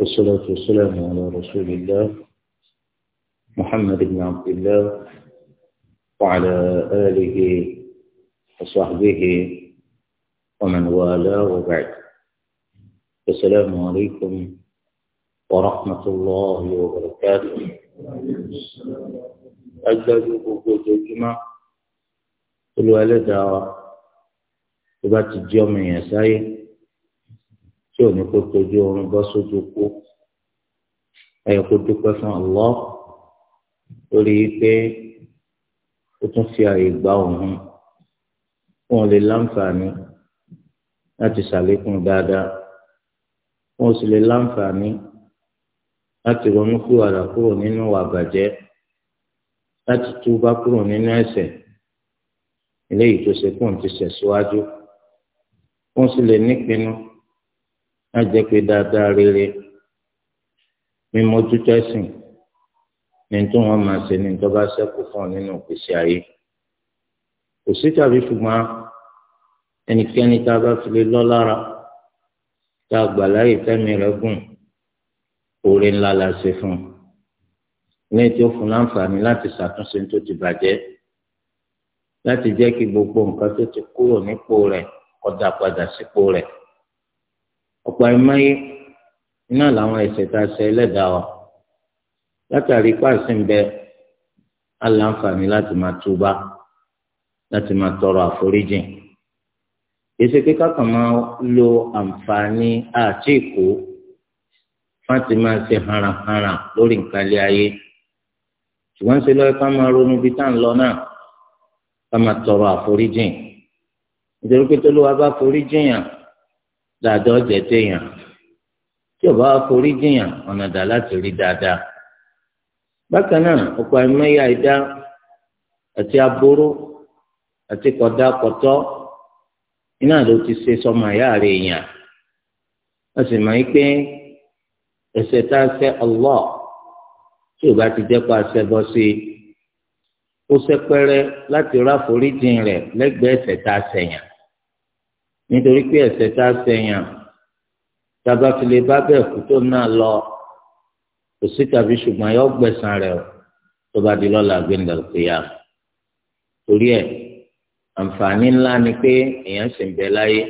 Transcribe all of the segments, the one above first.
والصلاة والسلام على رسول الله محمد بن عبد الله وعلى آله وصحبه ومن والاه وبعد السلام عليكم ورحمة الله وبركاته أجل وجود الجمع الوالدة وبات الجمع يا سيد tí ò ní kó tójú oorun bọ́ sójú kú ẹ̀yẹ kó dúpẹ́ fún Allah lórí pé ó tún fi àyè gba òun fún òun lè láǹfààní láti ṣàlékún dáadáa fún òun sì lè láǹfààní láti ronú kúwàdà kúrò nínú àbàjẹ́ láti túbá kúrò nínú ẹ̀ṣẹ̀ eléyìí tó ṣe fún òun ti ṣẹ̀ síwájú fún òun sì lè nípinnu má jẹ́ pé dáadáa rere mímójútó ẹ̀sìn ní tó wọ́n máa ṣe ní tó bá ṣẹ́kù fún ọ nínú ìpèsè ayé kò sí tàbí ṣùgbọ́n ẹnikẹ́ni tá a bá fi lè lọ́ lára tá a gbà láyè fẹ́mi rẹ̀ gùn oore ńlá la ṣe fún un lẹ́yìn tí fún láǹfààní láti ṣàtúnṣe tó ti bàjẹ́ láti jẹ́ kí gbogbo nǹkan tó ti kúrò nípò rẹ̀ kó padà sípò rẹ̀ ọ̀pọ̀ ẹ̀máyé iná làwọn ẹ̀ṣẹ̀ tá a ṣe ẹlẹ́dàá wa látàrí páàsì ń bẹ aláǹfààní láti máa túbá láti máa tọrọ àforíjìn èsì kíkà kan máa lo àǹfààní àti ìkó láti máa ṣe haranhara lórí nǹkan ilé ayé ṣùgbọ́n ṣe lọ́ọ́ ká máa ronú bí tá à ń lọ náà ká máa tọrọ àforíjìn nítorí pé tó ló wá bá foríjìn yàn dáadáa ọ̀jẹ̀ téèyàn tí ọba wa forí jìyàn ọ̀nà dà láti rí dáadáa. bákan náà ọ̀pọ̀ ẹ̀mẹ́yà ìdá àti aburú àti kọ̀dá kọ̀tọ́ iná ló ti ṣe sọmọ àyà èèyàn wọ́n sì máa ń pé ẹ̀ṣẹ̀ tá a ṣẹ̀ Allah tí ò bá ti jẹ́ pa àṣẹ bọ́ sí i ó ṣẹpẹrẹ láti ráforíjìn rẹ̀ lẹ́gbẹ̀ẹ́ ẹ̀ṣẹ̀ tá a ṣẹ̀yàn nítorí pé ẹ̀ṣẹ̀ tá a sẹyàn tábà fi lè bá bẹ́ẹ̀ kú tó náà lọ kò sí tàbí ṣùgbọ́n yóò gbẹ̀san rẹ̀ o tó bá di lọ́la gbẹ̀ndà òkèèyà torí ẹ̀ àǹfààní ńlá ni pé èèyàn sì ń bẹ láyé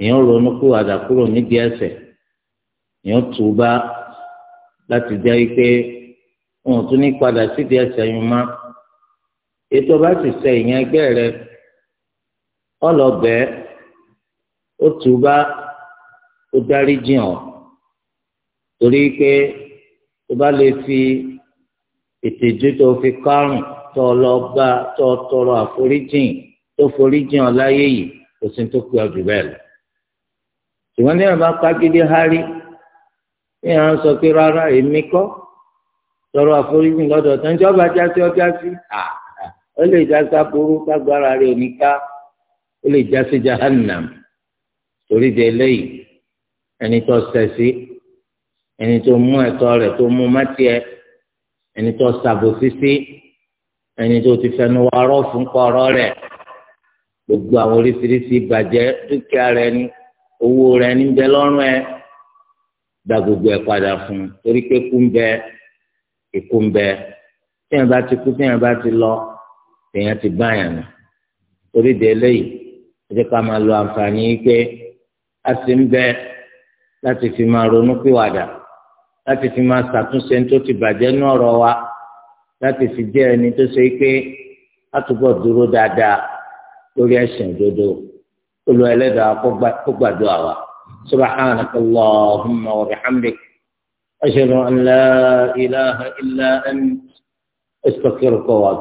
èèyàn ronú kú àdàkúrò nídìí ẹ̀ṣẹ̀ èèyàn tù ú bá láti jẹ́ pé wọn ò tún ní padà sídìí ẹ̀ṣẹ̀ yìí mọ́ ètò bá sì ṣe èèyàn ẹgbẹ́ rẹ̀ ọlọbẹ ó túbá ó dárí jìn ọ torí pé tó bá lè fi ìtìjú tó fi kárùn tó ọlọba tó tọrọ àforíjìn tó foríjìn ọ láyé yìí kò sí tó pé ọjọ́ bẹ́ẹ̀ lọ ṣùgbọ́n ní àbá kágídé hárí ní à ń sọ pé rárá èmi kọ́ tọrọ àforíjì lọ́dọ̀ tó ń jọba jásí ọjà sí ó lè jásá burú kágbára rẹ̀ oníká ó lè já jahannam torí de eléyìí ẹni tó sẹsí ẹni tó mú ẹ̀tọ́ rẹ̀ tó mú mẹtìẹ ẹni tó sàbòsí sí ẹni tó ti fẹnu wárọ fún kọrọ rẹ̀ gbogbo àwọn oríṣiríṣi ìbàjẹ́ dúkìá rẹ̀ ni owó rẹ̀ ní bẹ lọ́rùn ẹ gba gbogbo ẹ padà fún un torí pé kú ń bẹ ikú ń bẹ téèyàn bá ti kú téèyàn bá ti lọ téèyàn ti báyàn nù torí de eléyìí ẹ jẹ́ ká máa lo àǹfààní pé a sì ń bẹ láti fi máa ronú pìwàdà láti fi máa ṣàtúnṣe tó ti bàjẹ́ ní ọ̀rọ̀ wa láti fi jẹ́ ẹni tó ṣe pé a túbọ̀ dúró dáadáa lórí ẹ̀sìn òdodo olú ẹlẹ́dàá kó gbàdúrà wa subhanaka allahumma wa bihamdik ashhadu an la ilaha illa ant astaghfiruka wa